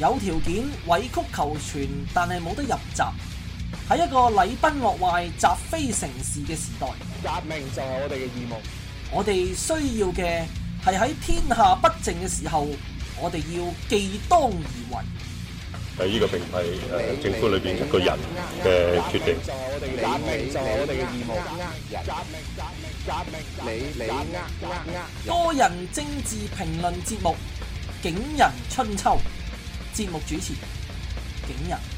有條件委曲求全，但係冇得入閘。喺一個禮崩樂壞、習非成是嘅時代，革命就係我哋嘅義務。我哋需要嘅係喺天下不正嘅時候，我哋要既當而為。喺呢個並唔係誒政府裏邊一個人嘅決定。就係我哋革命，就係我哋嘅義務。革命，革命，革命，你你。多人政治評論節目《景仁春秋》。節目主持，景仁。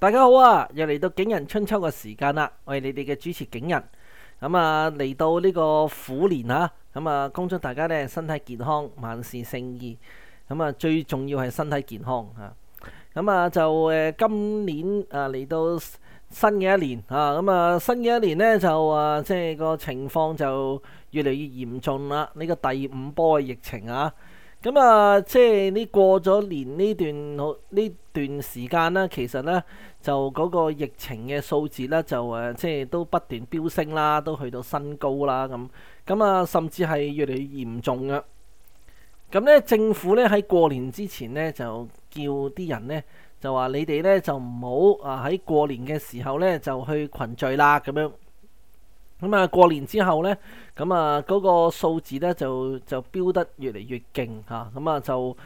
大家好啊，又嚟到景仁春秋嘅時間啦，我係你哋嘅主持景仁，咁啊嚟到呢個虎年啊，咁啊恭祝大家咧身體健康，萬事勝意，咁啊最重要係身體健康啊，咁啊就誒今年啊嚟到新嘅一年啊，咁啊新嘅一年咧就啊即係個情況就越嚟越嚴重啦，呢個第五波嘅疫情啊。咁啊，即係呢過咗年呢段好呢段時間啦，其實咧就嗰個疫情嘅數字咧就誒即係都不斷飆升啦，都去到新高啦咁。咁啊，甚至係越嚟越嚴重啊。咁咧，政府咧喺過年之前咧就叫啲人咧就話你哋咧就唔好啊喺過年嘅時候咧就去群聚啦咁樣。咁啊，過年之後咧，咁啊嗰個數字咧就就飆得越嚟越勁嚇，咁啊就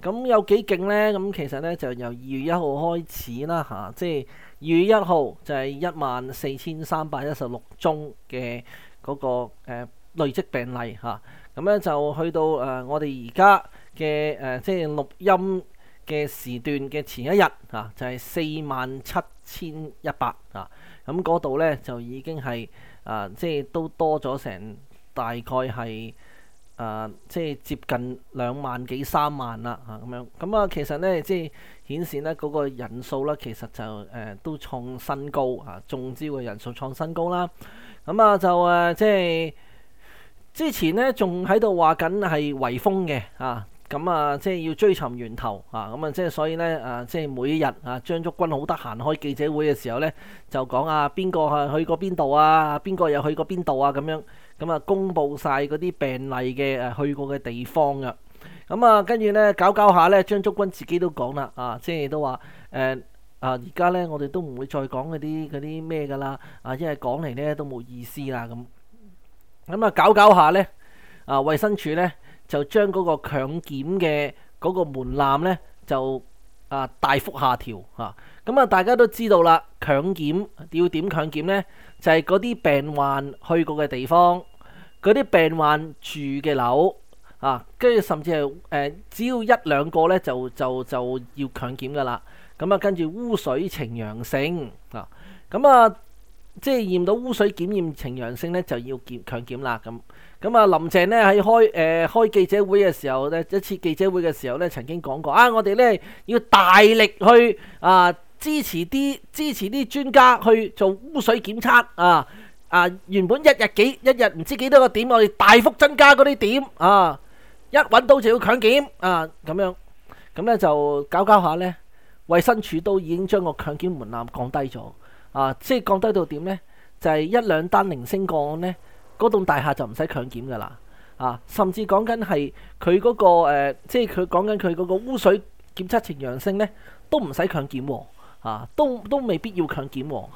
咁有幾勁咧？咁其實咧就由二月一號開始啦嚇，即係二月一號就係一萬四千三百一十六宗嘅嗰個累積病例嚇，咁咧就去到誒我哋而家嘅誒即係錄音嘅時段嘅前一日啊，就係四萬七千一百啊。就是咁嗰度咧就已經係、呃呃、啊，即係都多咗成大概係啊，即係接近兩萬幾三萬啦嚇咁樣。咁啊，其實咧即係顯示咧嗰個人數啦，其實就誒、呃、都創新高啊，中招嘅人數創新高啦。咁啊就誒、啊、即係之前咧仲喺度話緊係圍封嘅啊。咁啊，即係要追尋源頭啊！咁啊，即係所以咧啊，即係每一日啊，張竹君好得閒開記者會嘅時候咧，就講啊，邊個去過邊度啊，邊個又去過邊度啊，咁樣，咁啊，公布晒嗰啲病例嘅誒去過嘅地方啊。咁、嗯、啊，跟住咧搞搞下咧，張竹君自己都講啦啊，即係都話誒啊，而家咧我哋都唔會再講嗰啲嗰啲咩噶啦啊，因為講嚟咧都冇意思啦咁。咁啊，搞搞下咧啊，衞生署咧，就將嗰個強檢嘅嗰個門檻咧，就啊大幅下調嚇。咁啊，大家都知道啦，強檢要點強檢咧，就係嗰啲病患去過嘅地方，嗰啲病患住嘅樓啊，跟住甚至係誒、呃，只要一兩個咧，就就就要強檢㗎啦。咁啊，跟住污水呈陽性啊，咁啊，即係驗到污水檢驗呈陽性咧，就要檢強檢啦咁。咁啊，林鄭咧喺開誒、呃、開記者會嘅時候咧，一次記者會嘅時候咧，曾經講過啊，我哋咧要大力去啊支持啲支持啲專家去做污水檢測啊啊，原本一日幾一日唔知幾多個點，我哋大幅增加嗰啲點啊，一揾到就要強檢啊，咁樣咁咧就搞搞下咧，衞生署都已經將個強檢門檻降低咗啊，即係降低到點咧，就係、是、一兩單零星個案咧。啊嗰棟大廈就唔使強檢噶啦，啊，甚至講緊係佢嗰個、呃、即係佢講緊佢嗰個污水檢測呈陽性咧，都唔使強檢喎、啊，都都未必要強檢喎，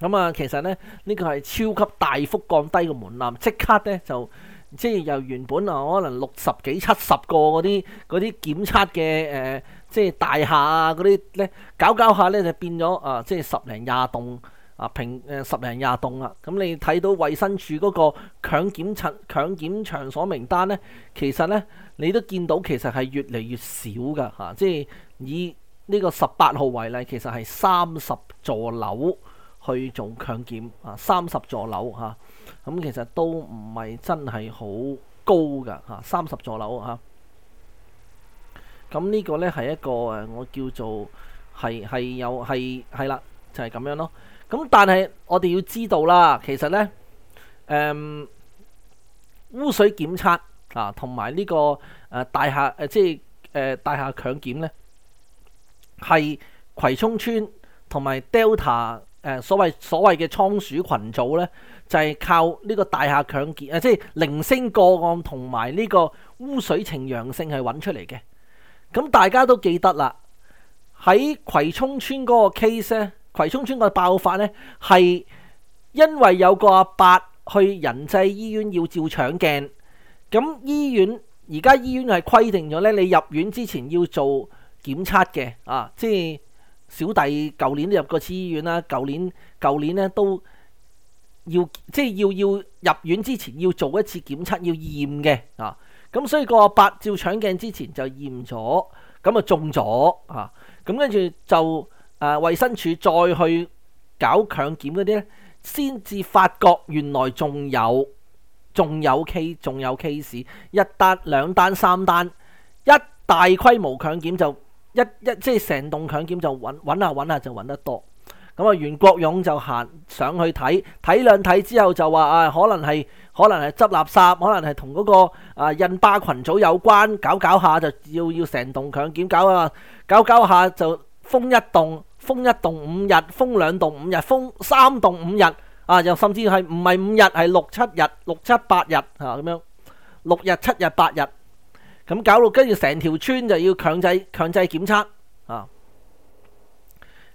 咁啊，啊，其實咧，呢個係超級大幅降低個門檻，刻呢即刻咧就即係由原本啊可能六十幾七十個嗰啲嗰啲檢測嘅誒、呃，即係大廈啊嗰啲咧，搞搞下咧就變咗啊，即係十零廿棟。啊，平誒十零廿棟啊，咁你睇到衞生署嗰個強檢測強檢場所名單咧，其實咧你都見到，其實係越嚟越少噶嚇、啊。即係以呢個十八號為例，其實係三十座樓去做強檢啊，三十座樓嚇，咁、啊、其實都唔係真係好高噶嚇，三、啊、十座樓嚇。咁、啊、呢個咧係一個誒，我叫做係係有係係啦，就係、係、咁樣咯。咁但係我哋要知道啦，其實咧，誒、嗯、污水檢測啊，同埋呢個誒大廈誒、啊、即係誒大廈強檢咧，係葵涌村同埋 Delta 誒、啊、所謂所謂嘅倉鼠群組咧，就係、是、靠呢個大廈強檢啊，即係零星個案同埋呢個污水呈陽性去揾出嚟嘅。咁、嗯、大家都記得啦，喺葵涌村嗰個 case 咧。葵涌村嘅爆發咧，係因為有個阿伯去仁濟醫院要照腸鏡，咁醫院而家醫院係規定咗咧，你入院之前要做檢測嘅啊，即係小弟舊年都入過次醫院啦，舊年舊年咧都要即係要要入院之前要做一次檢測要驗嘅啊，咁所以個阿伯照腸鏡之前就驗咗，咁就中咗啊，咁跟住就。誒、呃、衞生署再去搞強檢嗰啲咧，先至發覺原來仲有仲有 case 仲有 case 一單兩單三單，一大規模強檢就一一即係成棟強檢就揾揾下揾下就揾得多。咁啊，袁國勇就行上去睇睇兩睇之後就話啊，可能係可能係執垃圾，可能係同嗰個啊印巴群組有關，搞搞下就要要成棟強檢搞啊，搞下搞下，搞下就。封一棟，封一棟五日，封兩棟五日，封三棟五日，啊，又甚至係唔係五日，係六七日、六七八日啊咁樣，六日、七日、八日，咁、啊、搞到跟住成條村就要強制強制檢測啊，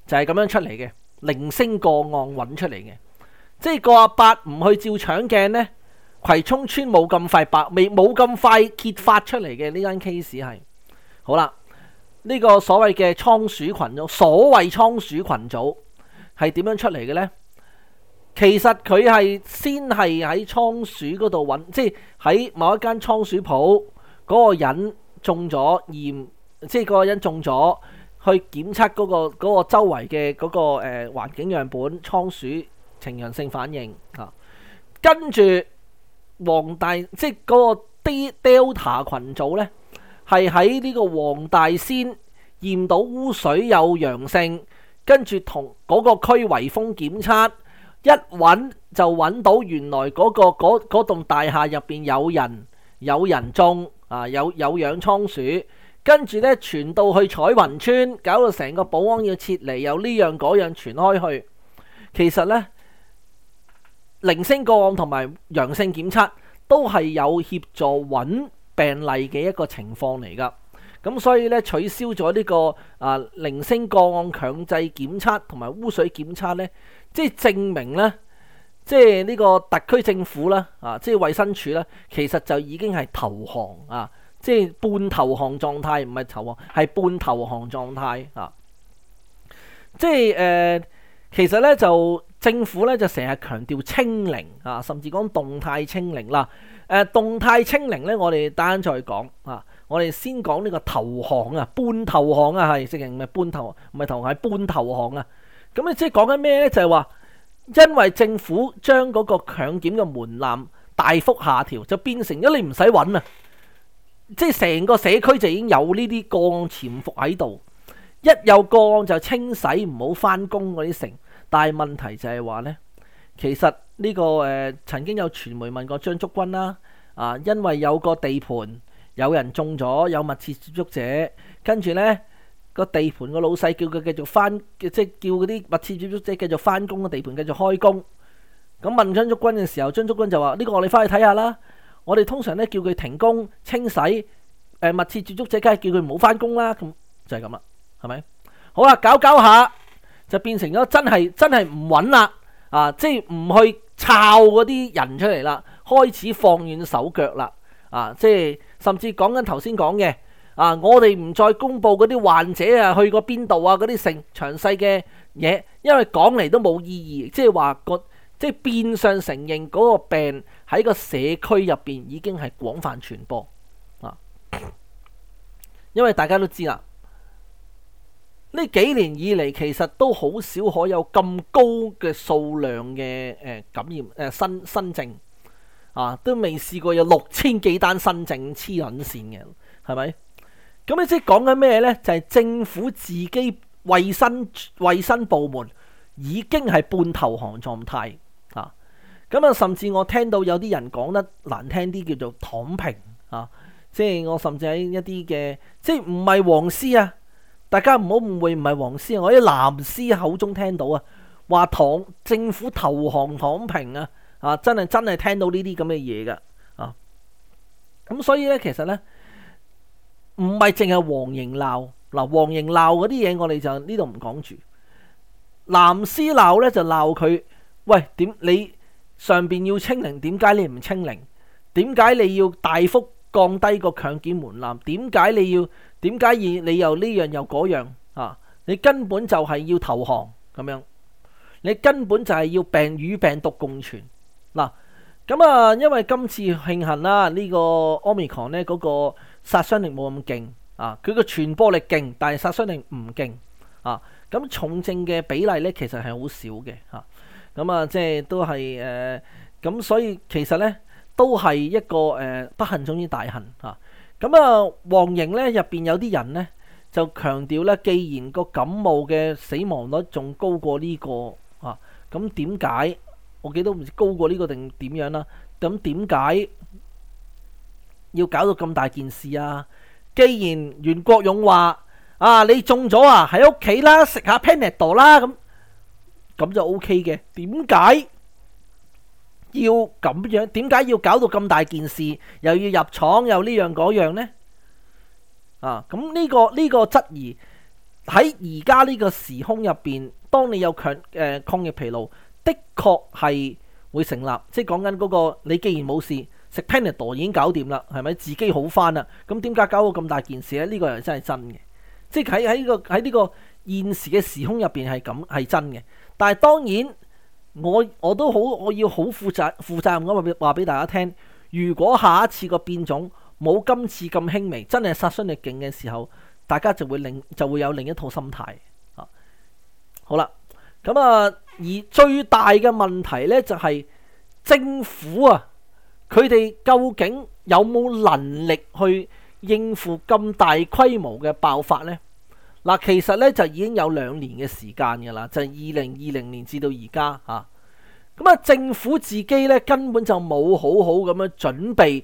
就係、是、咁樣出嚟嘅零星個案揾出嚟嘅，即係個阿伯唔去照腸鏡呢，葵涌村冇咁快白未冇咁快揭發出嚟嘅呢間 case 係。好啦。呢個所謂嘅倉鼠群組，所謂倉鼠群組係點樣出嚟嘅呢？其實佢係先係喺倉鼠嗰度揾，即係喺某一間倉鼠鋪嗰、嗰個人中咗，而即係嗰個人中咗去檢測嗰個周圍嘅嗰個誒、呃、環境樣本倉鼠呈陽性反應啊。跟住黃大即係嗰個 Delta 群組呢。係喺呢個黃大仙驗到污水有陽性，跟住同嗰個區圍封檢測一揾就揾到原來嗰、嗰個嗰嗰棟大廈入邊有人有人種啊有有養倉鼠，跟住呢傳到去彩雲村，搞到成個保安要撤離，有呢樣嗰樣傳開去。其實呢，零星個案同埋陽性檢測都係有協助揾。病例嘅一個情況嚟噶，咁所以咧取消咗呢個啊零星個案強制檢測同埋污水檢測咧，即係證明咧，即係呢個特區政府咧啊，即係衛生署咧，其實就已經係投降啊，即係半投降狀態，唔係投降，係半投降狀態啊，即係誒、呃，其實咧就。政府咧就成日強調清零啊，甚至講動態清零啦。誒、呃，動態清零咧，我哋等陣再講啊。我哋先講呢個投降啊，半投降啊，係直情唔係半投唔係投降，係半投，投降啊。咁你即係講緊咩咧？就係、是、話，因為政府將嗰個強檢嘅門檻大幅下調，就變成咗你唔使揾啊，即係成個社區就已經有呢啲個案潛伏喺度，一有個案就清洗，唔好翻工嗰啲城。但係問題就係話呢，其實呢個誒曾經有傳媒問過張竹君啦，啊，因為有個地盤有人中咗有密切接觸者，跟住呢個地盤個老細叫佢繼續翻，即係叫嗰啲密切接觸者繼續翻工嘅地盤繼續開工。咁問張竹君嘅時候，張竹君就話：呢個我哋翻去睇下啦。我哋通常呢叫佢停工清洗，誒密切接觸者梗係叫佢唔好翻工啦。咁就係咁啦，係咪？好啦，搞搞下。就變成咗真係真係唔穩啦！啊，即係唔去抄嗰啲人出嚟啦，開始放軟手腳啦！啊，即係甚至講緊頭先講嘅啊，我哋唔再公佈嗰啲患者啊去過邊度啊嗰啲成詳細嘅嘢，因為講嚟都冇意義。就是、即係話個即係變相承認嗰個病喺個社區入邊已經係廣泛傳播啊，因為大家都知啦。呢幾年以嚟，其實都好少可有咁高嘅數量嘅誒感染誒、呃、新新症啊，都未試過有六千幾單新症黐撚線嘅，係咪？咁你即係講緊咩呢？就係、是、政府自己衞生衞生部門已經係半投降狀態啊！咁啊，甚至我聽到有啲人講得難聽啲，叫做躺平啊！即係我甚至喺一啲嘅，即係唔係黃絲啊？大家唔好誤會，唔係黃絲，我喺藍絲口中聽到啊，話唐政府投降躺平啊，啊真係真係聽到呢啲咁嘅嘢噶，啊，咁、啊嗯、所以咧，其實咧，唔係淨係黃營鬧，嗱、啊、黃營鬧嗰啲嘢，我哋就呢度唔講住，藍絲鬧咧就鬧佢，喂點你上邊要清零，點解你唔清零？點解你要大幅降低個強檢門檻？點解你要？點解要你又呢樣又嗰樣啊？你根本就係要投降咁樣，你根本就係要病與病毒共存嗱。咁啊，啊，因為今次慶幸啦，這個、呢個 Omicron 咧嗰個殺傷力冇咁勁啊，佢個傳播力勁，但係殺傷力唔勁啊。咁、啊、重症嘅比例咧，其實係好少嘅吓。咁啊，啊，即係都係誒，咁、呃、所以其實咧都係一個誒、呃、不幸中之大幸吓。啊咁啊，黃營咧入邊有啲人咧就強調咧，既然個感冒嘅死亡率仲高過呢、這個啊，咁點解？我記得都唔知高過呢個定點樣啦？咁點解要搞到咁大件事啊？既然袁國勇話啊，你中咗啊，喺屋企啦，食下 panadol 啦，咁咁就 O K 嘅，點解？要咁樣點解要搞到咁大件事，又要入廠又樣樣呢樣嗰樣咧？啊，咁呢個呢個質疑喺而家呢個時空入邊，當你有強誒、呃、抗疫疲勞，的確係會成立，即係講緊嗰個你既然冇事，食 panadol 已經搞掂啦，係咪自己好翻啦？咁點解搞到咁大件事咧？呢個又真係真嘅，即係喺喺個喺呢個現時嘅時空入邊係咁係真嘅，但係當然。我我都好，我要好負責、負責任咁話俾大家聽。如果下一次個變種冇今次咁輕微，真係殺傷力勁嘅時候，大家就會另就會有另一套心態。啊，好啦，咁啊，而最大嘅問題咧就係政府啊，佢哋究竟有冇能力去應付咁大規模嘅爆發咧？嗱，其實咧就已經有兩年嘅時間㗎啦，就係二零二零年至到而家嚇。咁啊，政府自己咧根本就冇好好咁樣準備，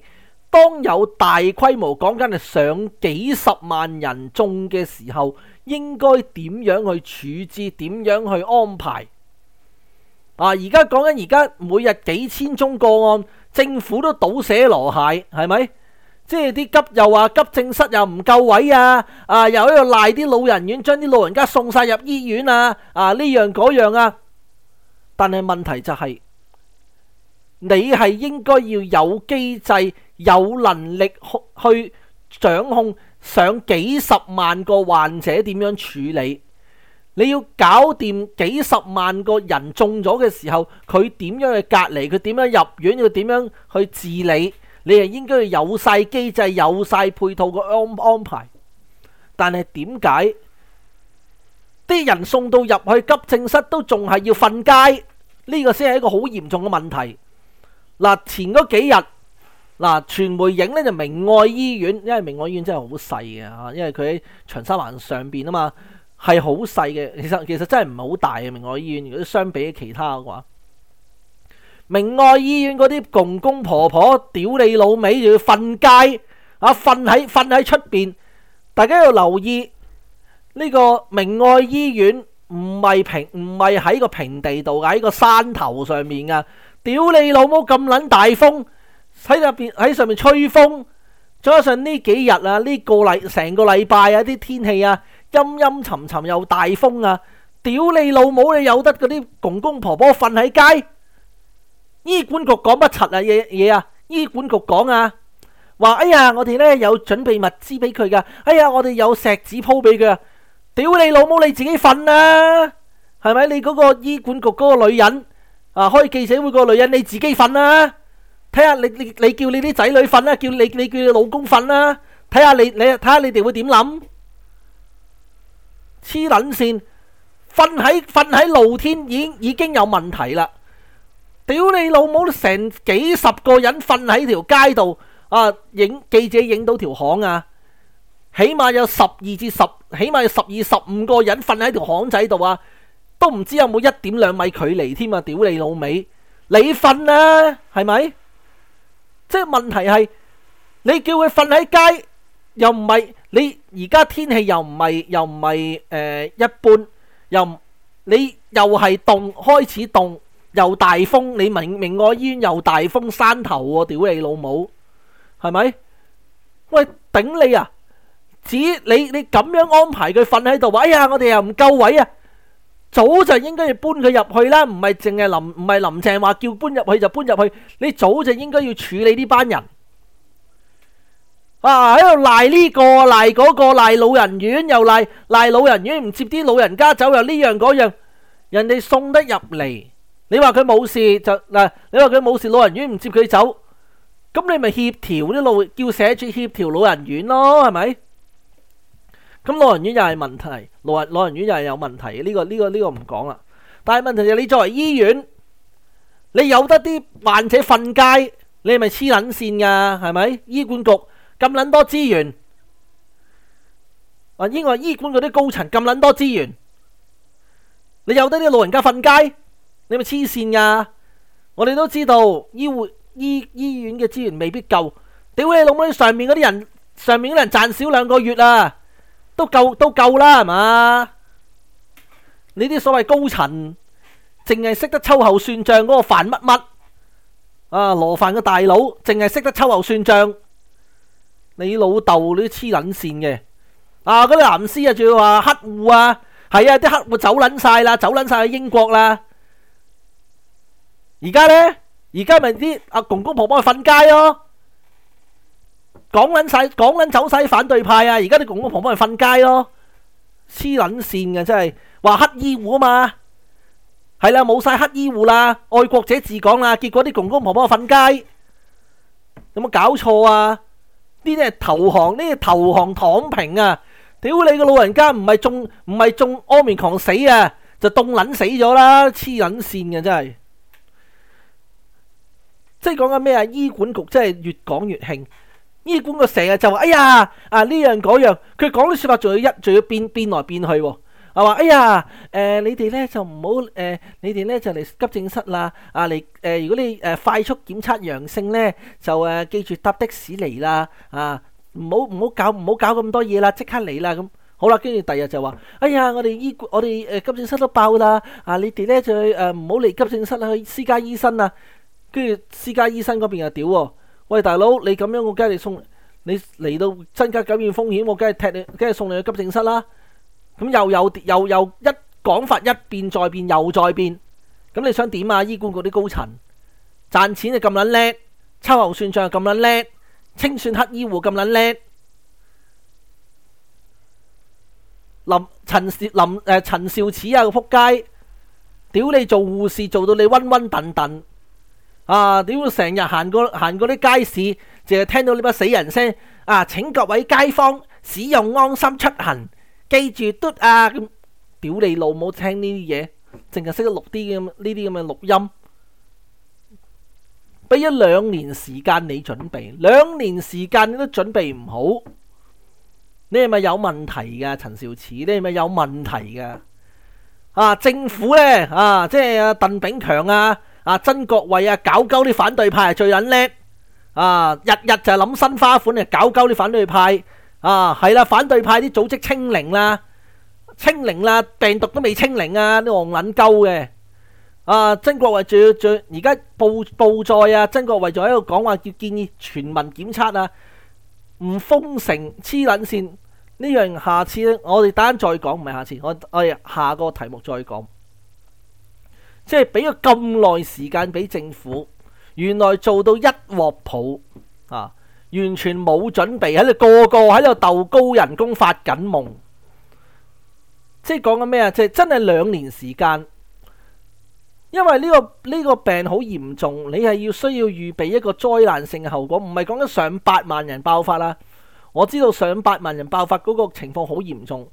當有大規模講緊係上幾十萬人中嘅時候，應該點樣去處置？點樣去安排？啊，而家講緊而家每日幾千宗個案，政府都倒瀉籮蟹，係咪？即係啲急又話急症室又唔夠位啊！啊，又喺度賴啲老人院，將啲老人家送晒入醫院啊！啊，呢樣嗰樣啊！但係問題就係，你係應該要有機制，有能力去去掌控上幾十萬個患者點樣處理。你要搞掂幾十萬個人中咗嘅時候，佢點樣去隔離？佢點樣入院？要點樣去治理？你係應該有晒機制、有晒配套嘅安安排，但係點解啲人送到入去急症室都仲係要瞓街？呢個先係一個好嚴重嘅問題。嗱，前嗰幾日嗱，傳媒影呢就明愛醫院，因為明愛醫院真係好細嘅嚇，因為佢喺長沙灣上面啊嘛，係好細嘅。其實其實真係唔係好大嘅明愛醫院，如果相比起其他嘅話。明愛醫院嗰啲公公婆婆屌你老味，又要瞓街啊，瞓喺瞓喺出邊，大家要留意呢個明愛醫院唔係平唔係喺個平地度，喺個山頭上面啊。屌你老母咁捻大風，喺入邊喺上面吹風，再加上呢幾日啊呢個禮成個禮拜啊啲天氣啊陰陰沉沉又大風啊，屌你老母，你有得嗰啲公公婆婆瞓喺街？醫管局講乜柒啊！嘢嘢啊！醫管局講啊，話哎呀，我哋咧有準備物資俾佢噶，哎呀，我哋有石子鋪俾佢。屌你老母，你自己瞓啦，啊，係咪？你嗰個醫管局嗰個女人啊，開記者會個女人，啊，女人你自己瞓啦，啊。睇下你你你叫你啲仔女瞓啦，啊，叫你你叫你老公瞓啦，啊。睇下你你睇下你哋會點諗？黐捻線，瞓喺瞓喺露天已經已經有問題啦。屌你老母！成幾十個人瞓喺條街度啊，影記者影到條巷啊，起碼有十二至十，起碼有十二十五個人瞓喺條巷仔度啊，都唔知有冇一點兩米距離添啊！屌你老味，你瞓啊，係咪？即係問題係，你叫佢瞓喺街，又唔係你而家天氣又唔係又唔係誒一般，又你又係凍，開始凍。又大風，你明明我醫院又大風山頭喎、啊，屌你老母，係咪？喂，頂你啊！指你你咁樣安排佢瞓喺度，哎呀，我哋又唔夠位啊！早就應該要搬佢入去啦，唔係淨係林唔係林鄭話叫搬入去就搬入去，你早就應該要處理呢班人啊！喺度賴呢個賴嗰個賴老人院，又賴賴老人院唔接啲老人家走，又呢樣嗰樣，人哋送得入嚟。你話佢冇事就嗱，你話佢冇事，老人院唔接佢走，咁你咪協調啲路叫社署協調老人院咯，係咪？咁老人院又係問題，老人老人院又係有問題嘅，呢個呢個呢個唔講啦。但係問題就你作為醫院，你有得啲患者瞓街，你係咪黐撚線噶？係咪醫管局咁撚多資源啊？因為醫管局啲高層咁撚多資源，你有得啲老人家瞓街？你咪黐綫噶！我哋都知道，醫護醫醫院嘅資源未必夠。屌你老母，上面嗰啲人，上面嗰啲人賺少兩個月啊，都夠都夠啦，係嘛？你啲所謂高層淨係識得秋後算賬嗰個范乜乜啊？羅范個大佬淨係識得秋後算賬。你老豆你都黐捻綫嘅啊！嗰啲藍絲啊，仲要話黑戶啊，係啊，啲黑戶走捻曬啦，走捻曬去英國啦。而家咧，而家咪啲阿公公婆婆去瞓街咯，講捻晒，講捻走晒反對派啊！而家啲公公婆婆去瞓街咯，黐捻線嘅真係，話黑衣戶嘛，係啦，冇晒黑衣戶啦，愛國者治港啦，結果啲公公婆婆去瞓街，有冇搞錯啊？呢啲係投降，呢啲係投降躺平啊！屌你個老人家，唔係中唔係中安眠狂死啊，就凍捻死咗啦，黐捻線嘅真係。即係講緊咩啊？醫管局真係越講越興，醫管局成日就話：哎呀啊呢樣嗰樣，佢講啲說話仲要一仲要變變來變去，啊，係、啊、嘛？哎呀，誒你哋咧就唔好誒，你哋咧就嚟，呃、急症室啦，啊嚟誒、啊，如果你誒快速檢測陽性咧，就誒，啊、記住搭的士嚟啦，啊唔好唔好搞唔好搞咁多嘢啦，即刻嚟啦咁。好啦，跟住第日就話：哎呀，我哋醫我哋誒急症室都爆啦，啊你哋咧就誒唔好嚟急症室啦，去私家醫生啊。跟住私家醫生嗰邊又屌喎、哦，喂，大佬，你咁樣我梗係你送你嚟到增加感染風險，我梗係踢你，梗係送你去急症室啦。咁又有又又一講法一變再變又再變，咁你想點啊？醫管局啲高層賺錢就咁撚叻，秋後算帳又咁撚叻，清算黑醫護咁撚叻，林陳少林誒、呃、陳肇始啊，這個撲街屌你做護士做到你瘟瘟頓頓。啊！屌，成日行過行過啲街市，淨係聽到呢把死人聲。啊，請各位街坊使用安心出行，記住嘟啊咁屌你老母，聽呢啲嘢，淨係識得錄啲咁呢啲咁嘅錄音。俾咗兩年時間你準備，兩年時間你都準備唔好，你係咪有問題噶？陳肇始，你係咪有問題噶？啊，政府咧啊，即係鄧炳強啊。啊，曾國衛啊，搞鳩啲反對派係最捻叻，啊，日日就係諗新花款啊，搞鳩啲反對派，啊，係啦，反對派啲組織清零啦，清零啦，病毒都未清零啊，呢啲黃捻鳩嘅，啊，曾國衛仲要仲而家報報載啊，曾國衛仲喺度講話叫建議全民檢測啊，唔封城黐捻線呢樣，下次我哋等陣再講，唔係下次，我我下個題目再講。即係俾咗咁耐時間俾政府，原來做到一鑊泡啊！完全冇準備喺度，個個喺度鬥高人工，發緊夢。即係講緊咩啊？即係真係兩年時間，因為呢個呢個病好嚴重，你係要需要預備一個災難性嘅後果，唔係講緊上百萬人爆發啦。我知道上百萬人爆發嗰個情況好嚴重。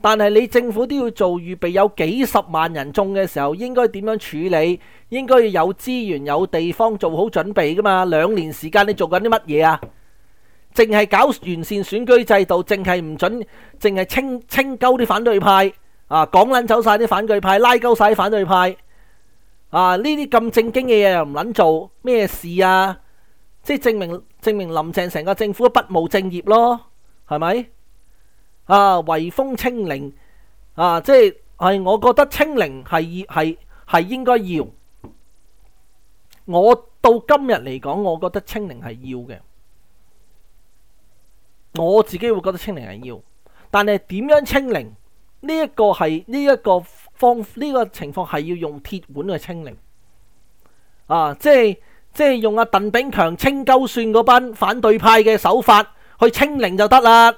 但係你政府都要做預備，有幾十萬人中嘅時候，應該點樣處理？應該要有資源、有地方做好準備噶嘛？兩年時間你做緊啲乜嘢啊？淨係搞完善選舉制度，淨係唔准，淨係清清溝啲反對派啊，趕捻走晒啲反對派，拉高晒啲反對派啊？呢啲咁正經嘅嘢又唔捻做咩事啊？即係證明證明林鄭成個政府都不務正業咯，係咪？啊，惠風清零，啊，即係我覺得清零係係係應該要。我到今日嚟講，我覺得清零係要嘅。我自己會覺得清零係要，但係點樣清零呢？一個係呢一個方呢個情況係要用鐵腕去清零。啊，即係即係用阿、啊、鄧炳強清鳩算嗰班反對派嘅手法去清零就得啦。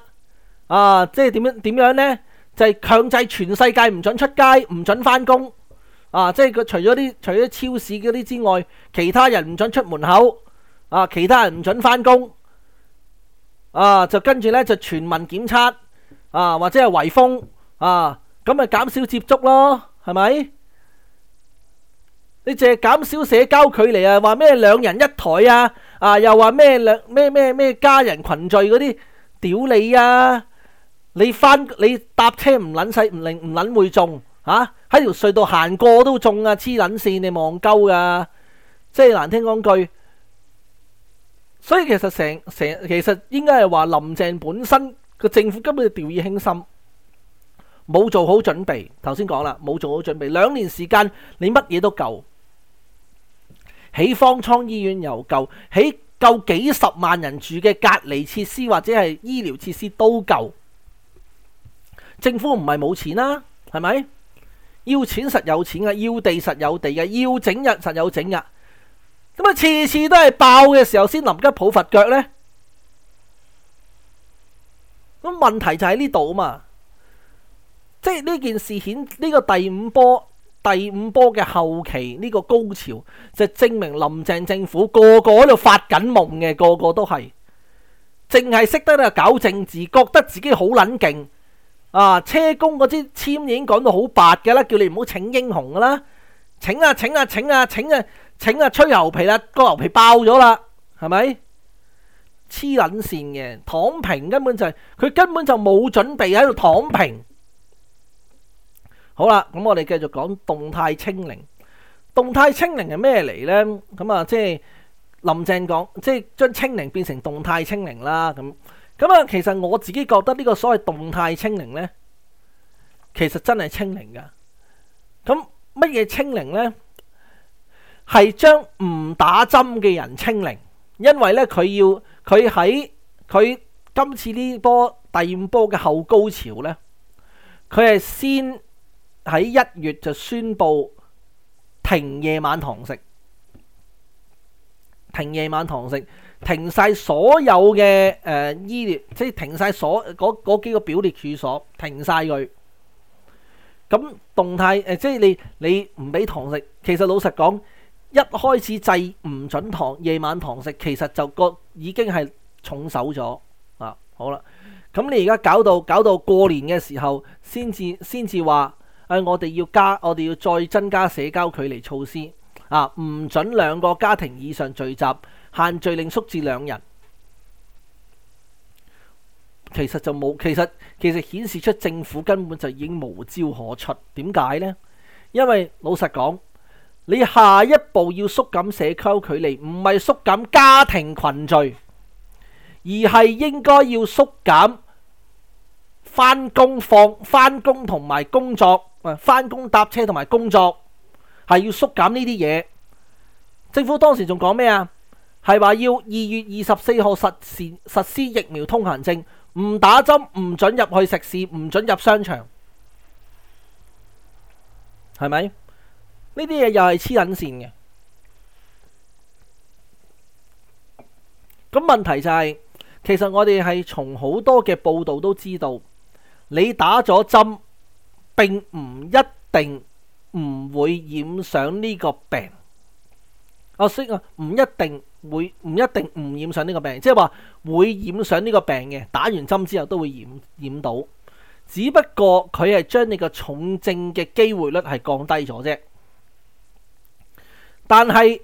啊！即係點樣點樣呢？就係強制全世界唔准出街，唔准翻工啊！即係佢除咗啲除咗超市嗰啲之外，其他人唔准出門口啊！其他人唔准翻工啊！就跟住呢就全民檢測啊，或者係圍封啊，咁咪減少接觸咯，係咪？你淨係減少社交距離啊？話咩兩人一台啊？啊又話咩兩咩咩咩家人群聚嗰啲屌你啊！你翻你搭車唔撚使，唔令唔撚會中啊，喺條隧道行過都中啊！黐撚線，你望鳩呀，即係難聽講句。所以其實成成其實應該係話林鄭本身個政府根本就掉以輕心，冇做好準備。頭先講啦，冇做好準備兩年時間，你乜嘢都夠，起方艙醫院又夠，起夠幾十萬人住嘅隔離設施或者係醫療設施都夠。政府唔係冇錢啦，係咪？要錢實有錢嘅，要地實有地嘅，要整日實有整日。咁啊，次次都係爆嘅時候先臨急抱佛腳呢。咁問題就喺呢度啊嘛，即係呢件事顯呢、這個第五波第五波嘅後期呢、這個高潮，就證明林鄭政府個個喺度發緊夢嘅，個個都係淨係識得咧搞政治，覺得自己好捻勁。啊！車公嗰支簽已經講到好白噶啦，叫你唔好請英雄噶啦，請啊，請啊，請啊，請啊，請啊，請啊吹牛皮啦，個牛皮爆咗啦，係咪？黐捻線嘅躺平根本就係、是、佢根本就冇準備喺度躺平。好啦，咁我哋繼續講動態清零。動態清零係咩嚟咧？咁啊，即係林鄭講，即係將清零變成動態清零啦，咁。咁啊，其實我自己覺得呢個所謂動態清，清，清零呢，其實真係清零噶。咁乜嘢清零呢？係將唔打針嘅人清零，因為呢，佢要佢喺佢今次呢波第五波嘅後高潮呢，佢係先喺一月就宣布停夜晚堂食，停夜晚堂食。停晒所有嘅誒醫療，即、呃、係停晒所嗰嗰幾個表列處所，停晒佢。咁動態誒、呃，即係你你唔俾堂食。其實老實講，一開始制唔準堂，夜晚堂食，其實就個已經係重手咗啊！好啦，咁你而家搞到搞到過年嘅時候，先至先至話，誒、呃、我哋要加，我哋要再增加社交距離措施。啊！唔准兩個家庭以上聚集，限聚令縮至兩人。其實就冇，其實其實顯示出政府根本就已經無招可出。點解呢？因為老實講，你下一步要縮減社交距離，唔係縮減家庭群聚，而係應該要縮減返工放返工同埋工作，誒，返工搭車同埋工作。係要縮減呢啲嘢，政府當時仲講咩啊？係話要二月二十四號實施實施疫苗通行證，唔打針唔准入去食肆，唔准入商場，係咪？呢啲嘢又係黐撚線嘅。咁問題就係、是，其實我哋係從好多嘅報道都知道，你打咗針，並唔一定。唔會染上呢個病，我識啊，唔一定會唔一定唔染上呢個病，即係話會染上呢個病嘅。打完針之後都會染染到，只不過佢係將你個重症嘅機會率係降低咗啫。但係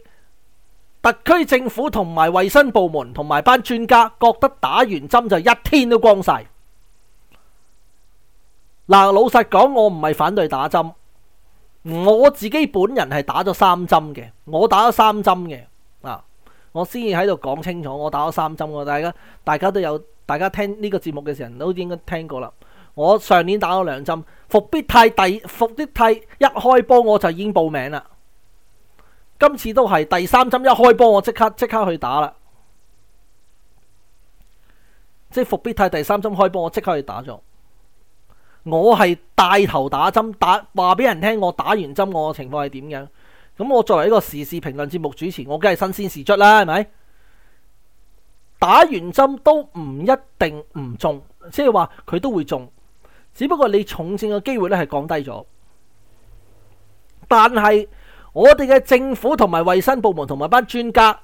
特區政府同埋衛生部門同埋班專家覺得打完針就一天都光晒嗱。老實講，我唔係反對打針。我自己本人係打咗三針嘅，我打咗三針嘅，啊，我先至喺度講清楚，我打咗三針嘅，大家大家都有，大家聽呢個節目嘅時候，都應該聽過啦。我上年打咗兩針復必泰第復必泰一開波我就已經報名啦，今次都係第三針一開波我即刻即刻去打啦，即復必泰第三針開波我即刻去打咗。我係帶頭打針，打話俾人聽我打完針我嘅情況係點樣？咁我作為一個時事評論節目主持，我梗係新鮮事出啦，係咪？打完針都唔一定唔中，即係話佢都會中，只不過你重症嘅機會咧係降低咗。但係我哋嘅政府同埋衛生部門同埋班專家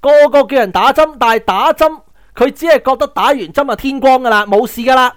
個個叫人打針，但係打針佢只係覺得打完針就天光噶啦，冇事噶啦。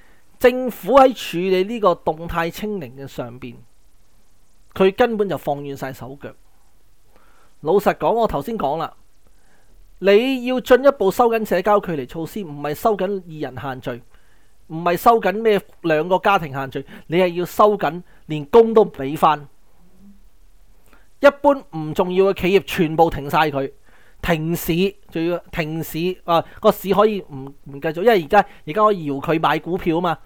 政府喺處理呢個動態清零嘅上邊，佢根本就放軟晒手腳。老實講，我頭先講啦，你要進一步收緊社交距離措施，唔係收緊二人限聚，唔係收緊咩兩個家庭限聚，你係要收緊連工都唔俾翻。一般唔重要嘅企業全部停晒佢，停市仲要停市啊！個、呃、市可以唔唔繼續，因為而家而家可以遙距買股票啊嘛。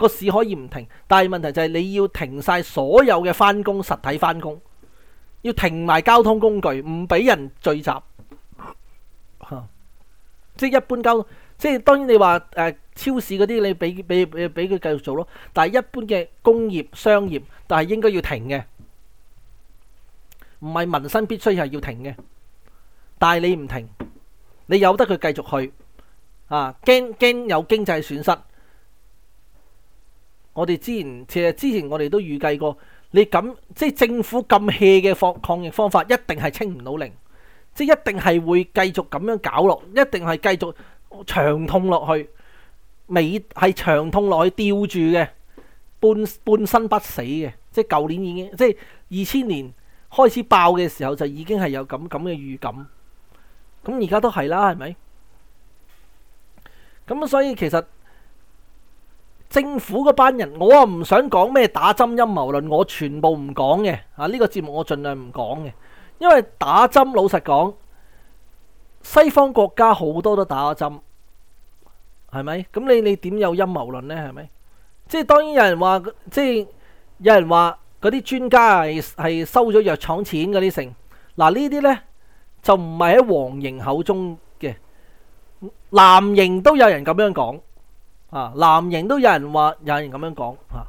個市可以唔停，但係問題就係你要停晒所有嘅返工，實體返工，要停埋交通工具，唔俾人聚集。嗯、即係一般交通，即係當然你話誒、呃，超市嗰啲你俾俾俾佢繼續做咯，但係一般嘅工業、商業，但係應該要停嘅，唔係民生必須係要停嘅。但係你唔停，你由得佢繼續去，啊、嗯，驚驚有經濟損失。我哋之前，其實之前我哋都預計過，你咁即係政府咁 hea 嘅抗疫方法一一，一定係清唔到零，即係一定係會繼續咁樣搞落，一定係繼續長痛落去，未係長痛落去吊住嘅，半半生不死嘅。即係舊年已經，即係二千年開始爆嘅時候就已經係有咁咁嘅預感，咁而家都係啦，係咪？咁所以其實。政府嗰班人，我啊唔想講咩打針陰謀論，我全部唔講嘅。啊，呢個節目我盡量唔講嘅，因為打針老實講，西方國家好多都打針，係咪？咁你你點有陰謀論呢？係咪？即係當然有人話，即係有人話嗰啲專家係係收咗藥廠錢嗰啲成。嗱呢啲呢，就唔係喺黃營口中嘅，藍營都有人咁樣講。啊，藍營都有人話，有人咁樣講吓。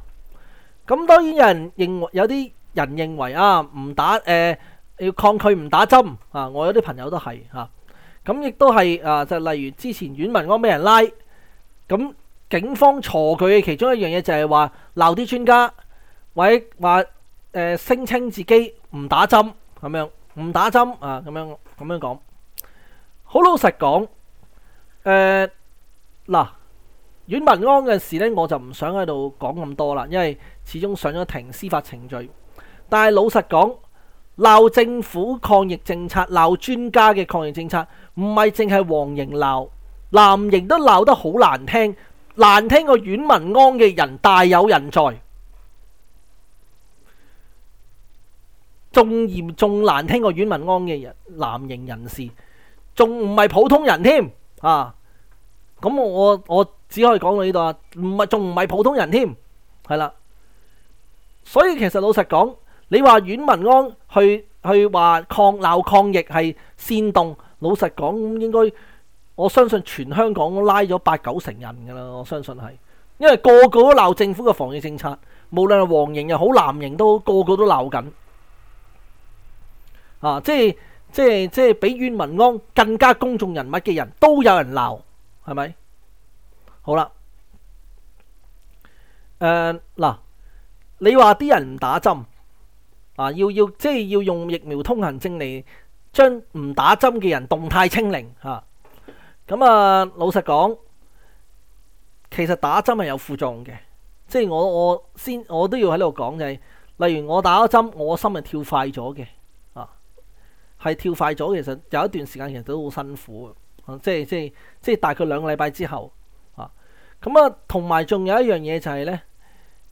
咁、啊、當然有人認為，有啲人認為啊，唔打誒、呃，要抗拒唔打針啊。我有啲朋友、啊啊、都係吓，咁亦都係啊。就是、例如之前阮民安俾人拉，咁、啊、警方鋤佢，嘅其中一樣嘢就係話鬧啲專家，或者話誒聲稱自己唔打針咁、啊、樣，唔打針啊，咁樣咁樣講。好老實講，誒、呃、嗱。阮文安嘅事呢，我就唔想喺度講咁多啦，因為始終上咗庭，司法程序。但係老實講，鬧政府抗疫政策、鬧專家嘅抗疫政策，唔係淨係黃營鬧，藍營都鬧得好難聽，難聽過阮文安嘅人大有人在，仲嚴重難聽過阮文安嘅人，藍營人士仲唔係普通人添啊！咁我我只可以講到呢度啊，唔係仲唔係普通人添係啦，所以其實老實講，你話阮文安去去話抗鬧抗疫係煽動，老實講應該我相信全香港都拉咗八九成人噶啦，我相信係，因為個個都鬧政府嘅防疫政策，無論係黃營又好藍營都個個都鬧緊啊，即係即係即係比阮文安更加公眾人物嘅人都有人鬧。係咪？好啦，誒、呃，嗱，你話啲人唔打針，啊，要要即係要用疫苗通行證嚟將唔打針嘅人動態清零吓。咁啊，啊，老實講，其實打針係有副作用嘅，即係我我先我都要喺度講就係、是，例如我打咗針，我心係跳快咗嘅，啊，係跳快咗，其實有一段時間其實都好辛苦。即係即係即係，大概兩個禮拜之後啊，咁啊，同埋仲有一樣嘢就係咧，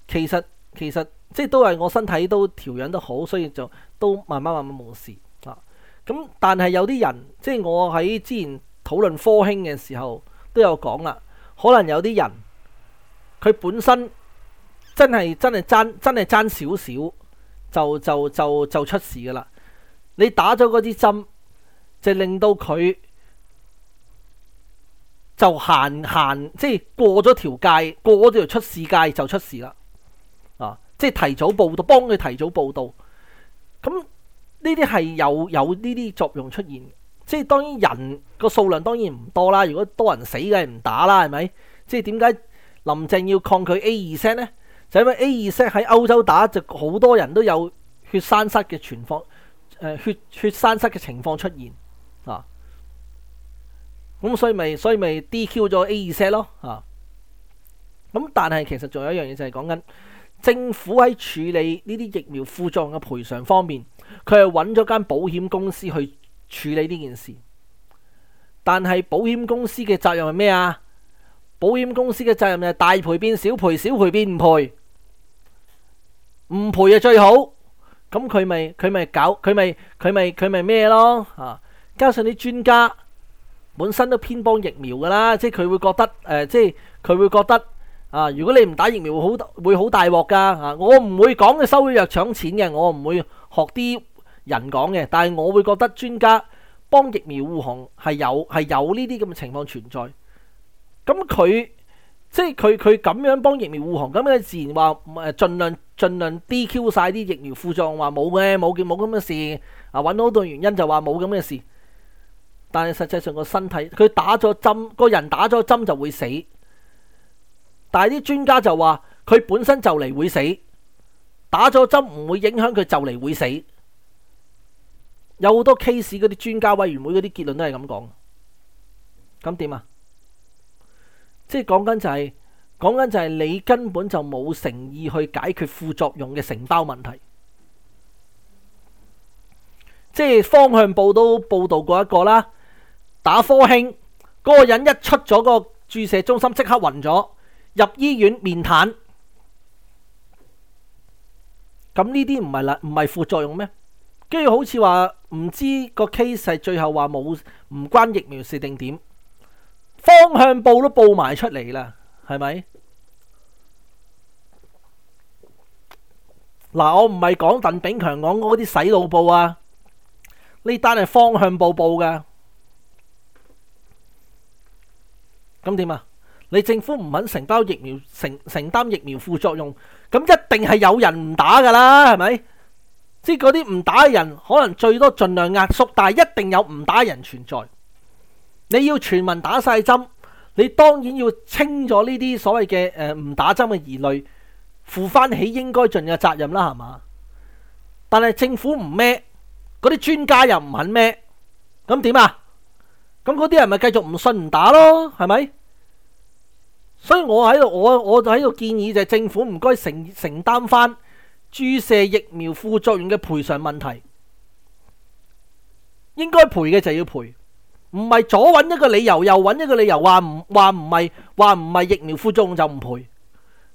其實其實即係都係我身體都調養得好，所以就都慢慢慢慢冇事啊。咁但係有啲人即係我喺之前討論科興嘅時候都有講啦，可能有啲人佢本身真係真係爭真係爭少少，就就就就出事噶啦。你打咗嗰支針就令到佢。就行行，即係過咗條界，過咗條出事界就出事啦。啊，即係提早報道，幫佢提早報道。咁呢啲係有有呢啲作用出現。即係當然人個數量當然唔多啦。如果多人死嘅唔打啦，係咪？即係點解林鄭要抗拒 A 二劑呢？就因為 A 二劑喺歐洲打就好多人都有血栓塞嘅情況，誒、呃、血血栓塞嘅情況出現。咁、嗯、所以咪所以咪 DQ 咗 A 二 set 咯，啊、嗯！咁但係其實仲有一樣嘢就係講緊政府喺處理呢啲疫苗副作用嘅賠償方面，佢係揾咗間保險公司去處理呢件事。但係保險公司嘅責任係咩啊？保險公司嘅責任就係大賠變小賠，小賠變唔賠，唔賠就最好。咁佢咪佢咪搞佢咪佢咪佢咪咩咯？啊！加上啲專家。本身都偏幫疫苗㗎啦，即係佢會覺得誒、呃，即係佢會覺得啊、呃，如果你唔打疫苗會好會好大鑊㗎啊！我唔會講嘅收藥搶錢嘅，我唔會學啲人講嘅，但係我會覺得專家幫疫苗護航係有係有呢啲咁嘅情況存在。咁佢即係佢佢咁樣幫疫苗護航，咁樣自然話誒、呃、盡量盡量 DQ 晒啲疫苗副作用，話冇嘅冇叫冇咁嘅事啊，揾到個原因就話冇咁嘅事。但係實際上個身體，佢打咗針，個人打咗針就會死。但係啲專家就話佢本身就嚟會死，打咗針唔會影響佢就嚟會死。有好多 case 嗰啲專家委員會嗰啲結論都係咁講。咁點啊？即係講緊就係講緊就係你根本就冇誠意去解決副作用嘅承包問題。即係方向報都報道過一個啦。打科興，嗰個人一出咗個注射中心即刻暈咗，入醫院面癱。咁呢啲唔係啦，唔係副作用咩？跟住好似話唔知個 case 最後話冇唔關疫苗事定點，方向報都報埋出嚟啦，係咪？嗱，我唔係講鄧炳強講嗰啲洗腦報啊，呢單係方向報報噶。咁點啊？你政府唔肯承包疫苗承承擔疫苗副作用，咁一定係有人唔打噶啦，係咪？即係嗰啲唔打嘅人，可能最多盡量壓縮，但係一定有唔打人存在。你要全民打晒針，你當然要清咗呢啲所謂嘅誒唔打針嘅疑慮，負翻起應該盡嘅責任啦，係嘛？但係政府唔孭，嗰啲專家又唔肯孭，咁點啊？咁嗰啲人咪繼續唔信唔打咯，係咪？所以我喺度，我我就喺度建議就係政府唔該承承擔翻注射疫苗副作用嘅賠償問題，應該賠嘅就要賠，唔係左揾一個理由右揾一個理由，話唔話唔係話唔係疫苗副作用就唔賠。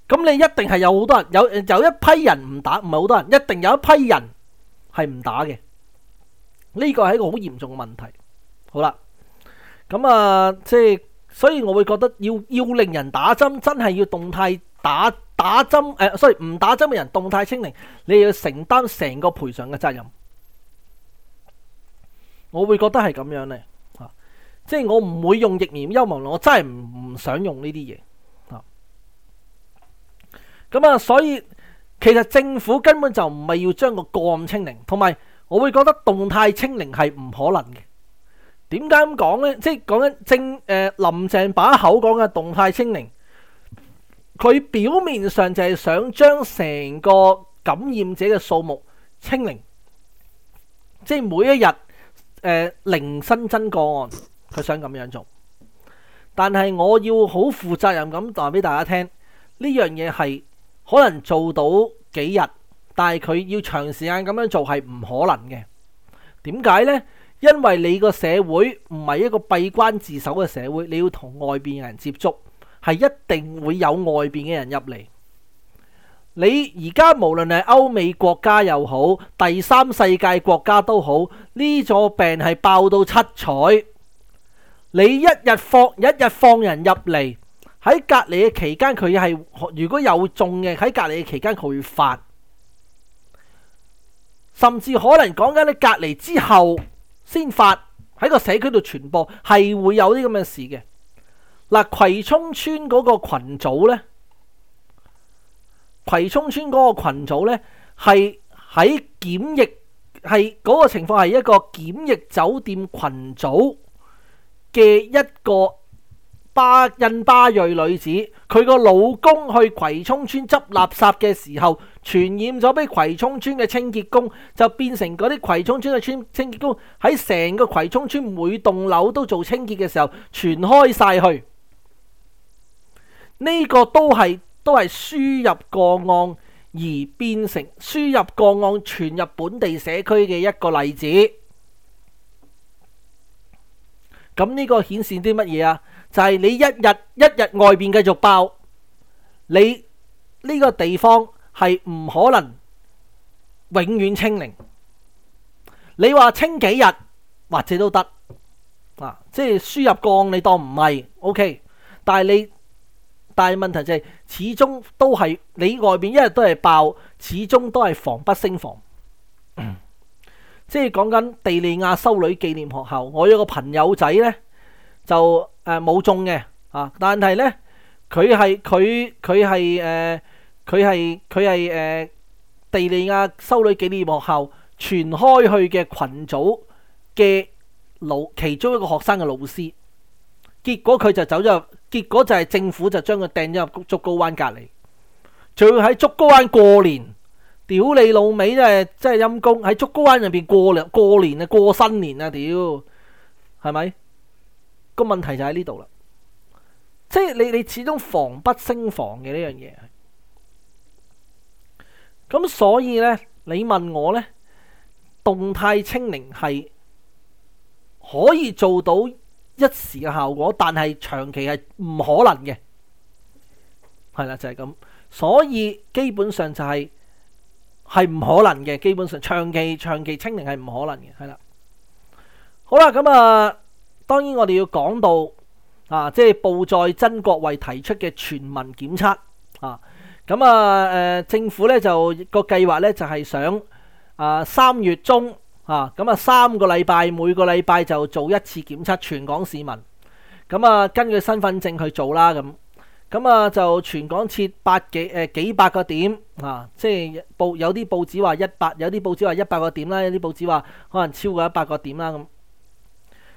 咁你一定係有好多人有有一批人唔打，唔係好多人，一定有一批人係唔打嘅。呢個係一個好嚴重嘅問題。好啦。咁啊，即係、嗯、所以我會覺得要要令人打針，真係要動態打打針，誒、呃，所以唔打針嘅人動態清零，你要承擔成個賠償嘅責任。我會覺得係咁樣咧，吓、嗯，即係我唔會用疫苗陰謀論，我真係唔唔想用呢啲嘢。咁、嗯、啊、嗯，所以其實政府根本就唔係要將個個案清零，同埋我會覺得動態清零係唔可能嘅。點解咁講呢？即係講緊政，誒，林鄭把口講嘅動態清零，佢表面上就係想將成個感染者嘅數目清零，即係每一日誒零新增個案，佢想咁樣做。但係我要好負責任咁話俾大家聽，呢樣嘢係可能做到幾日，但係佢要長時間咁樣做係唔可能嘅。點解呢？因為你個社會唔係一個閉關自守嘅社會，你要同外邊嘅人接觸，係一定會有外邊嘅人入嚟。你而家無論係歐美國家又好，第三世界國家都好，呢座病係爆到七彩，你一日放一日放人入嚟喺隔離嘅期間，佢係如果有種會中嘅喺隔離嘅期間佢會發，甚至可能講緊你隔離之後。先發喺個社區度傳播，係會有啲咁嘅事嘅。嗱，葵涌村嗰個群組呢，葵涌村嗰個群組呢，係喺檢疫，係嗰個情況係一個檢疫酒店群組嘅一個。巴印巴裔女子，佢個老公去葵涌村執垃圾嘅時候，傳染咗俾葵涌村嘅清潔工，就變成嗰啲葵涌村嘅村清潔工喺成個葵涌村每棟樓都做清潔嘅時候傳開晒去。呢、這個都係都係輸入個案而變成輸入個案傳入本地社區嘅一個例子。咁、這、呢個顯示啲乜嘢啊？就係你一日一日外邊繼續爆，你呢個地方係唔可能永遠清零。你話清幾日或者都得啊，即係輸入降你當唔係 OK，但係你但係問題就係、是、始終都係你外邊一日都係爆，始終都係防不勝防。嗯、即係講緊地利亞修女紀念學校，我有個朋友仔呢，就。誒，冇、呃、中嘅，啊！但係咧，佢係佢佢係誒，佢係佢係誒，地利亞修女紀念學校傳開去嘅群組嘅老其中一個學生嘅老師，結果佢就走咗入，結果就係政府就將佢掟咗入竹篙灣隔離，仲要喺竹篙灣過年，屌你老味咧，真係陰公喺竹篙灣入邊過過年啊，過新年啊，屌，係咪？個問題就喺呢度啦，即係你你始終防不勝防嘅呢樣嘢，咁所以呢，你問我呢，動態清零係可以做到一時嘅效果，但係長期係唔可能嘅，係啦就係咁，所以基本上就係係唔可能嘅，基本上長期長期清零係唔可能嘅，係啦，好啦咁啊。當然我，我哋要講到啊，即係報載曾國衞提出嘅全民檢測啊，咁啊誒，政府咧就個計劃咧就係、是、想啊三月中啊，咁啊三個禮拜每個禮拜就做一次檢測全港市民，咁啊根據身份證去做啦咁，咁啊，啊就全港設百幾誒、啊、幾百個點啊，即係報有啲報紙話一百，有啲報紙話一百個點啦，有啲報紙話可能超過一百個點啦咁。啊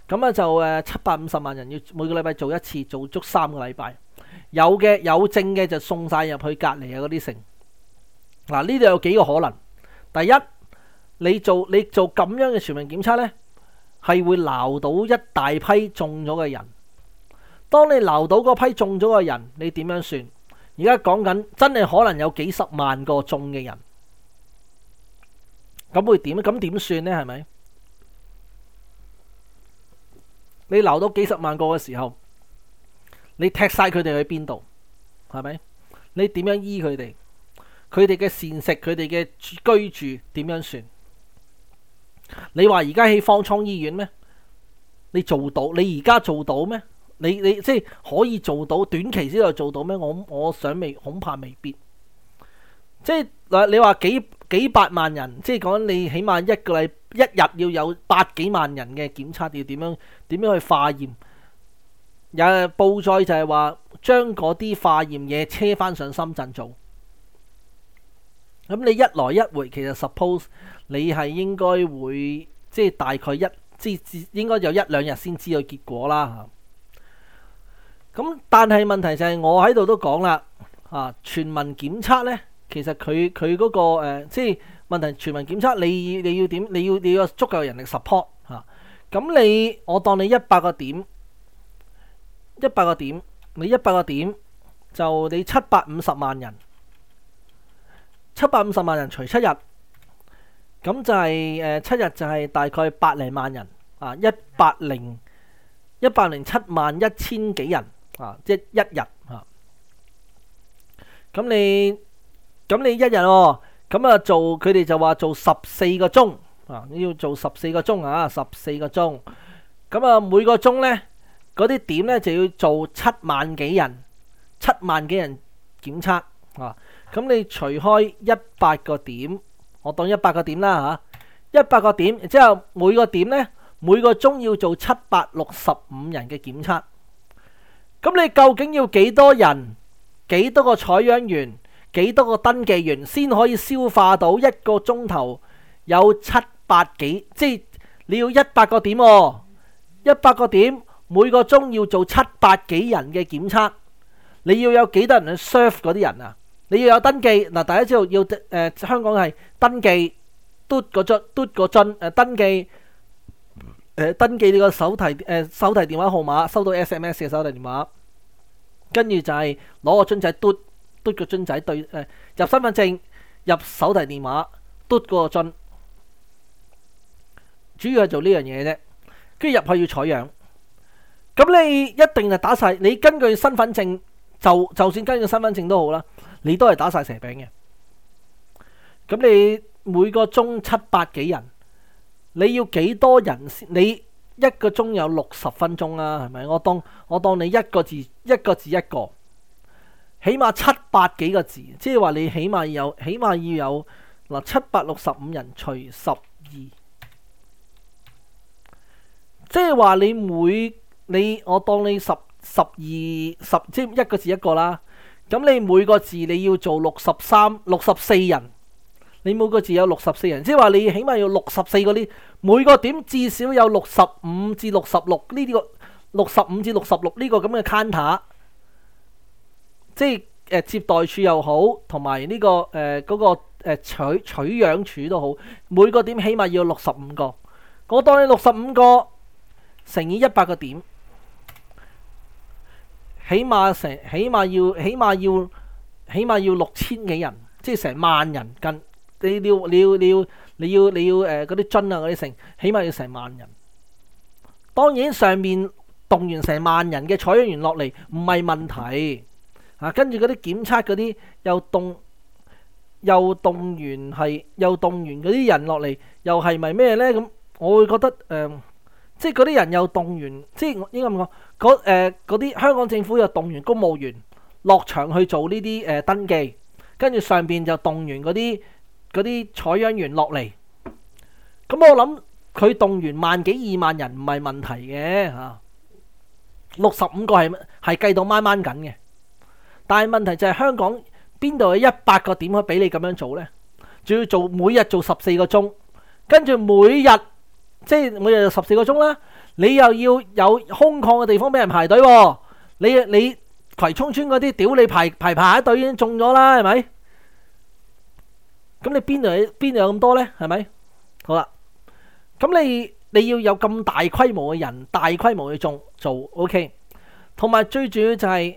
咁啊就誒七百五十萬人要每個禮拜做一次，做足三個禮拜。有嘅有症嘅就送晒入去隔離啊嗰啲城。嗱呢度有幾個可能，第一，你做你做咁樣嘅全民檢測咧，係會撈到一大批中咗嘅人。當你撈到嗰批中咗嘅人，你點樣算？而家講緊真係可能有幾十萬個中嘅人，咁會點？咁點算咧？係咪？你留到幾十萬個嘅時候，你踢晒佢哋去邊度？係咪？你點樣醫佢哋？佢哋嘅膳食、佢哋嘅居住點樣算？你話而家喺方艙醫院咩？你做到？你而家做到咩？你你，你即係可以做到短期之內做到咩？我我想未恐怕未必。即係你話幾幾百萬人，即係講你起碼一個禮一日要有百幾萬人嘅檢測，要點樣點樣去化驗？有報載就係話將嗰啲化驗嘢車翻上深圳做，咁你一來一回，其實 suppose 你係應該會即係大概一即係應該有一兩日先知道結果啦。咁但係問題就係我喺度都講啦，啊全民檢測呢。其實佢佢嗰個、呃、即係問題，全民檢測，你你要點？你要你要，你要足夠人力 support 嚇、啊。咁你我當你一百個點，一百個點，你一百個點就你七百五十萬人，七百五十萬人除七日，咁就係、是、誒、呃、七日就係大概百零萬人啊，一百零一百零七萬一千幾人啊，即一日嚇。咁、啊、你？咁你一日哦，咁啊做佢哋就話做十四個鐘啊，你要做十四個鐘啊，十四個鐘，咁啊每個鐘咧，嗰啲點咧就要做七萬幾人，七萬幾人檢測啊，咁你除開一百個點，我當一百個點啦吓，一百個點之後、就是、每個點咧，每個鐘要做七百六十五人嘅檢測，咁、啊、你究竟要幾多人，幾多個採樣員？幾多個登記員先可以消化到一個鐘頭有七百幾？即係你要一百個點，一百個點每個鐘要做七百幾人嘅檢測。你要有幾多人去 serve 嗰啲人啊？你要有登記嗱，大家知道要誒，香港係登記嘟個樽，嘟個樽誒，登記誒，登記你個手提誒手提電話號碼，收到 SMS 嘅手提電話，跟住就係攞個樽仔嘟。嘟個樽仔對誒，入身份證、入手提電話，嘟個樽，主要係做呢樣嘢啫。跟住入去要採樣，咁你一定係打晒。你根據身份證，就就算根據身份證都好啦，你都係打晒蛇餅嘅。咁你每個鐘七百幾人，你要幾多人？你一個鐘有六十分鐘啦，啊，係咪？我當我當你一個字一個字一個。起碼七百幾個字，即係話你起碼有，起碼要有嗱七百六十五人除十二，即係話你每你我當你十十二十，即係一個字一個啦。咁你每個字你要做六十三六十四人，你每個字有六十四人，即係話你起碼要六十四個呢，每個點至少有六十五至六十六呢個、呢個六十五至六十六呢個咁嘅 counter。即係誒接待處又好，同埋呢個誒嗰個、呃、嗰個取取樣處都好，每個點起碼要六十五個。我當你六十五個乘以一百個點，起碼成起碼要起碼要起碼要六千幾人，即係成萬人近。你要你要你要你要你要誒嗰啲樽啊嗰啲剩，起碼要成萬人。當然上面動員成萬人嘅採樣員落嚟唔係問題。啊，跟住嗰啲檢測嗰啲又動又動員係又動員嗰啲人落嚟，又係咪咩咧？咁我會覺得誒、呃，即係嗰啲人又動員，即係應該咁講嗰啲香港政府又動員公務員落場去做呢啲誒登記，跟住上邊就動員嗰啲啲採樣員落嚟。咁我諗佢動員萬幾二萬人唔係問題嘅嚇，六十五個係係計到掹掹緊嘅。但係問題就係、是、香港邊度有一百個點可以俾你咁樣做咧？仲要做每日做十四個鐘，跟住每日即係每日十四個鐘啦。你又要有空曠嘅地方俾人排隊啊。你你葵涌村嗰啲屌你排排排一隊已經中咗啦，係咪？咁你邊度邊度有咁多咧？係咪？好啦，咁你你要有咁大規模嘅人大規模去種做 OK，同埋最主要就係。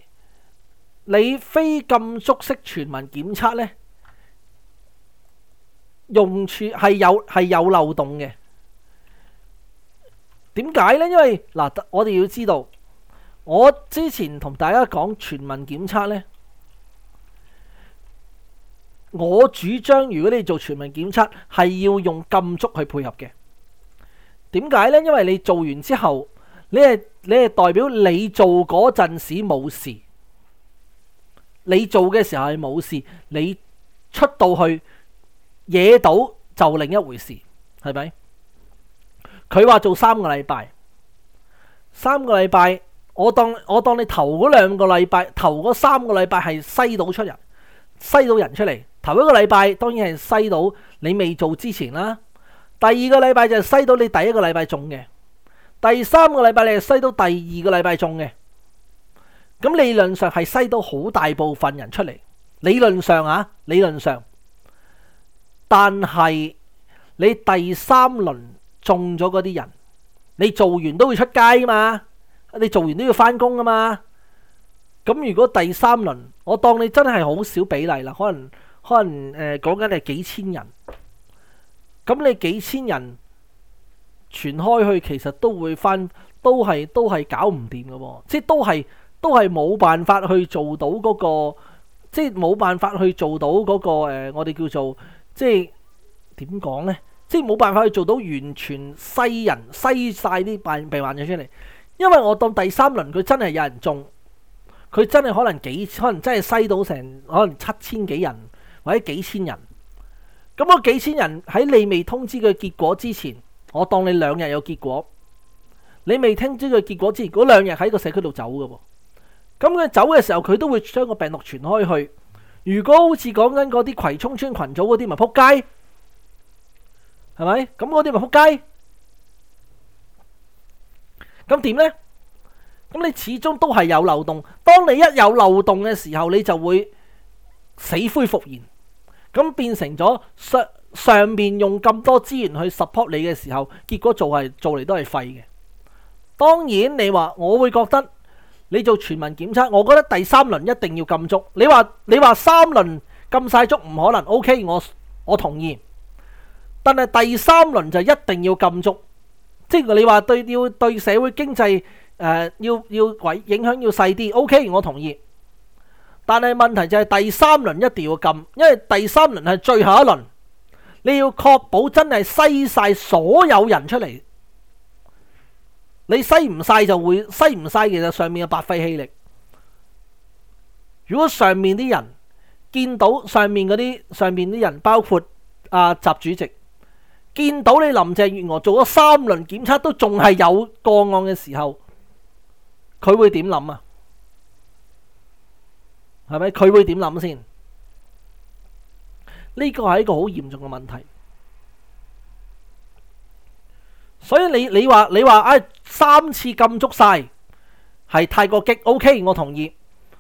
你非禁足式全民檢測呢，用處係有係有漏洞嘅。點解呢？因為嗱，我哋要知道，我之前同大家講全民檢測呢，我主張如果你做全民檢測係要用禁足去配合嘅。點解呢？因為你做完之後，你係你係代表你做嗰陣時冇事。你做嘅時候係冇事，你出去惹到去嘢，到就另一回事，係咪？佢話做三個禮拜，三個禮拜我當我當你頭嗰兩個禮拜，頭嗰三個禮拜係篩到出人，篩到人出嚟。頭一個禮拜當然係篩到你未做之前啦，第二個禮拜就係篩到你第一個禮拜中嘅，第三個禮拜你係篩到第二個禮拜中嘅。咁理論上係篩到好大部分人出嚟，理論上啊，理論上，但係你第三輪中咗嗰啲人，你做完都會出街啊嘛，你做完都要翻工啊嘛。咁如果第三輪，我當你真係好少比例啦，可能可能誒講緊係幾千人，咁你幾千人傳開去，其實都會翻，都係都係搞唔掂㗎喎，即係都係。都係冇辦法去做到嗰個，即係冇辦法去做到嗰個誒、呃，我哋叫做即係點講呢？即係冇辦法去做到完全篩人篩晒啲病病患者出嚟。因為我當第三輪佢真係有人中，佢真係可能幾可能真係篩到成可能七千幾人或者幾千人。咁嗰幾千人喺你未通知佢結果之前，我當你兩日有結果，你未聽知佢結果之前，嗰兩日喺個社區度走噶，咁佢走嘅時候，佢都會將個病毒傳開去。如果好似講緊嗰啲葵涌村群組嗰啲，咪扑街，係咪？咁嗰啲咪扑街。咁點呢？咁你始終都係有漏洞。當你一有漏洞嘅時候，你就會死灰復燃。咁變成咗上上面用咁多資源去 support 你嘅時候，結果做係做嚟都係廢嘅。當然你，你話我會覺得。你做全民檢測，我覺得第三輪一定要禁足。你話你話三輪禁晒足唔可能？OK，我我同意。但係第三輪就一定要禁足，即係你話對要對社會經濟誒，要要影影響要細啲。OK，我同意。但係問題就係第三輪一定要禁，因為第三輪係最後一輪，你要確保真係篩晒所有人出嚟。你篩唔晒就會篩唔晒，其實上面嘅白費氣力。如果上面啲人見到上面嗰啲上面啲人，包括啊呃、習主席見到你林鄭月娥做咗三輪檢測都仲係有個案嘅時候，佢會點諗啊？係咪？佢會點諗先？呢個係一個好嚴重嘅問題。所以你你話你話啊、哎、三次禁足晒係太過激，OK, 我同意。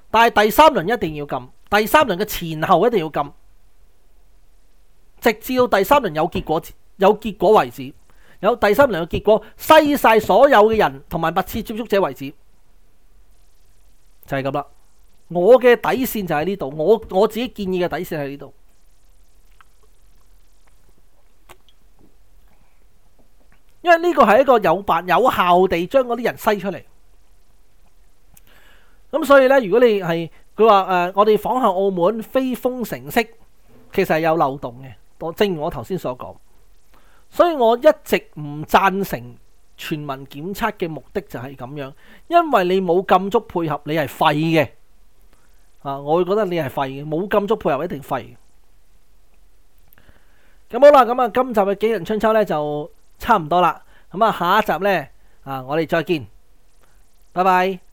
但係第三輪一定要禁，第三輪嘅前後一定要禁，直至到第三輪有結果有結果為止，有第三輪嘅結果篩晒所有嘅人同埋密切接觸者為止，就係咁啦。我嘅底線就喺呢度，我我自己建議嘅底線喺呢度。因為呢個係一個有白有效地將嗰啲人篩出嚟，咁所以呢，如果你係佢話誒，我哋仿效澳門非封城式，其實係有漏洞嘅。我正如我頭先所講，所以我一直唔贊成全民檢測嘅目的就係咁樣，因為你冇禁足配合，你係廢嘅。啊，我會覺得你係廢嘅，冇禁足配合一定廢。咁好啦，咁啊，今集嘅景仁春秋呢就。差唔多啦，咁啊下一集咧，啊，我哋再見，拜拜。